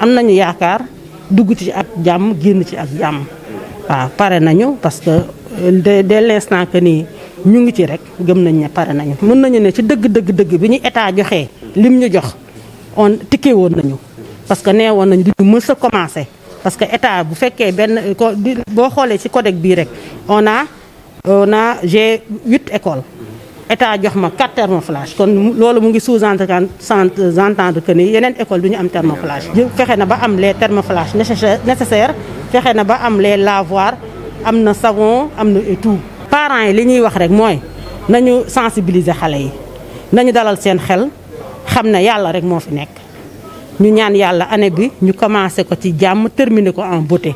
am nañu yaakaar dugg ci ak jàmm génn ci ak jàmm waaw pare nañu parce que euh, dès l'instant que nii ñu ngi ci rek gëm nañ ne pare nañu. mën nañu ne ci dëgg dëgg dëgg bi ñu état joxee lim ñu jox on tikkee woon nañu parce que nee woon nañu du mës a commencé parce que état bu fekkee benn boo xoolee ci codec bii rek on on a j'ai huit école état jox ma quatre thermoflash kon loolu mu ngi sous-entendre entendre que ni yeneen école du ñu am thermoflash fexe na ba am les thermoflash nécessaire fexe na ba am lee lavoire am na savon am na et tout parents yi li ñuy wax rek mooy nañu sensibiliser xale yi nañu dalal seen xel xam na yàlla rek moo fi nekk ñu ñaan yàlla année bi ñu commencé ko ci jàmm terminer ko en beauté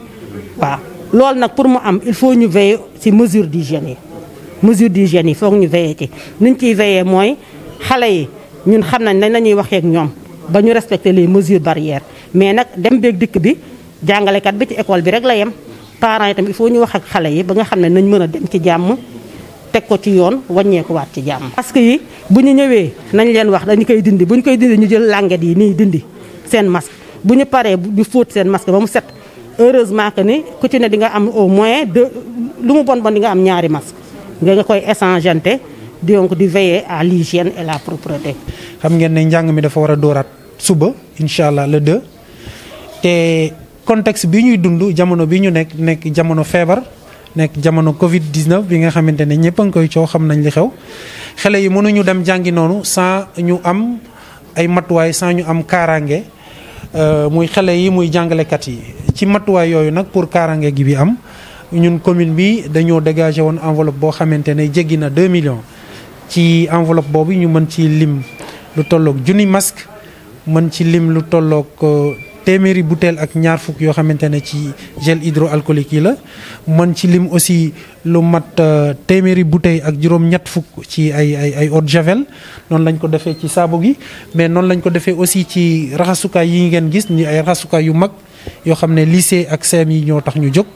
waaw loolu nag pour mu am il faut ñu veiller ci mesure d'hygiène yi mesure d'hygiène yi foog ñu veiller ci ni ñu ciy veiller mooy xale yi ñun xam nañ nañ la ñuy waxee ñoom ba ñu respecter les mesures barrières mais nag dem beeg dikk bi jàngalekat bi ci école bi rek la yem parents yi tamit il faut ñu wax ak xale yi ba nga xam ne nañ mën a dem ci jàmm teg ko ci yoon wàññeekuwaat ci jàmm. masque yi bu ñu ñëwee nañ leen wax dañu koy dindi bu ñu koy dindi ñu jël languette yi nii dindi seen masque bu ñu paree ñu fóot seen masque ba mu set. heureusement que ni ku ne di nga am au moins de lu mu bon bon di nga am ñaari masque nga nga koy échangeante donc di veiller à l'hygiène et la propreté. xam ngeen ne njàng mi dafa war a dooraat suba incha allah le 2 te contexte bi ñuy dund jamono bi ñu nekk nekk jamono feebar nekk jamono Covid 19 bi nga xamante ne ñëpp a ngi koy coow xam nañ li xew xale yi mënuñu dem jàngi noonu saa ñu am ay matuwaay sans ñu am kaaraange euh, muy xale yi muy jàngalekat yi. ci matuwaay yooyu nag pour kaaraange gi bi am ñun commune bi dañoo dégagé woon enveloppe boo xamante ne jéggi na 2 millions ci enveloppe boobu ñu mën ci lim lu tolloog junni masque mën ci lim lu tolloog euh, téeméeri bouteille ak ñaar fukk yoo xamante ne ci gel hydroalcoolique yi la mën ci lim aussi lu mat euh, téeméeri bouteille ak juróom ñett fukk ci ay ay ay javel noonu lañ ko defee ci saabu gi mais noonu lañ ko defee aussi ci raxasukaay yi ngeen gis ni ay raxasukaay yu mag yoo xam ne lycée ak CM yi ñoo tax ñu jóg.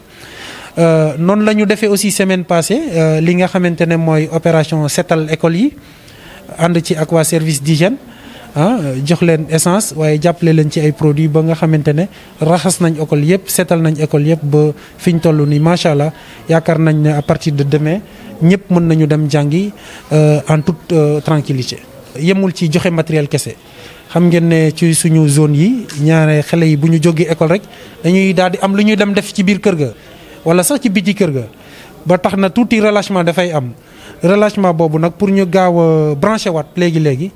Euh, noonu la ñu defee aussi semaine passée euh, li nga xamante ne mooy opération setal école yi ànd ci ak waa service d'hygiène ah jox leen essence waaye jàppale leen ci ay produits ba nga xamante ne raxas nañ école yëpp setal nañ école yëpp ba fi ñu toll nii macha allah yaakaar nañ ne à partir de demain ñëpp mën nañu dem jàngi euh, en toute tranquillité yemul ci joxe matériel kese xam ngeen ne ci suñu zone yi ñaare xale yi bu ñu jógee école rek dañuy daal di am lu ñuy dem def ci biir kër ga wala sax ci biti kër ga ba tax na tuuti relâchement dafay am relâchement boobu nag pour ñu gaaw a branché waat léegi léegi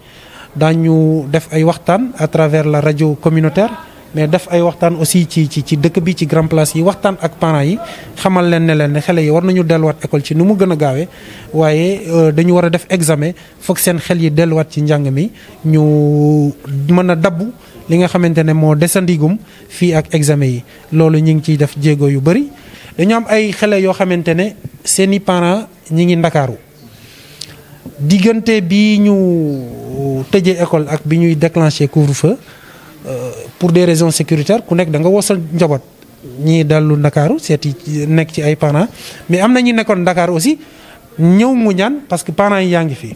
daañu def ay waxtaan à travers la rajo communautaire mais def ay waxtaan aussi ci ci ci dëkk bi ci grand place yi waxtaan ak parents yi xamal leen ne leen ne xale yi war nañu delluwaat école ci nu mu gën a gaawee waaye euh, dañu war a def examen foog seen xel yi delluwaat ci njàng mi ñu mën a dabbu li nga xamante ne moo desandigum fii ak examen yi loolu ñu ngi ciy def jéego yu bëri dañu am ay xale yoo xamante ne seen i parents ñi ngi ndakaaru diggante bi ñu tëjee école ak bi ñuy déclenché couvre feu euh, pour des raisons sécuritaires ku nekk da nga wosal njaboot ñii dallu ndakaaru seeti nekk ci ay parents mais am na ñu nekkoon ndakaar aussi ñëw mu ñaan parce que parent yi yaa ngi fii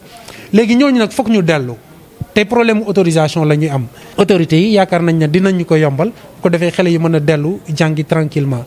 léegi ñooñu nag foog ñu dellu te problème autorisation la ñuy am autorité yi yaakaar nañ ne dinañ ko yombal bu ko defee xale yi mën a dellu jàngi tranquillement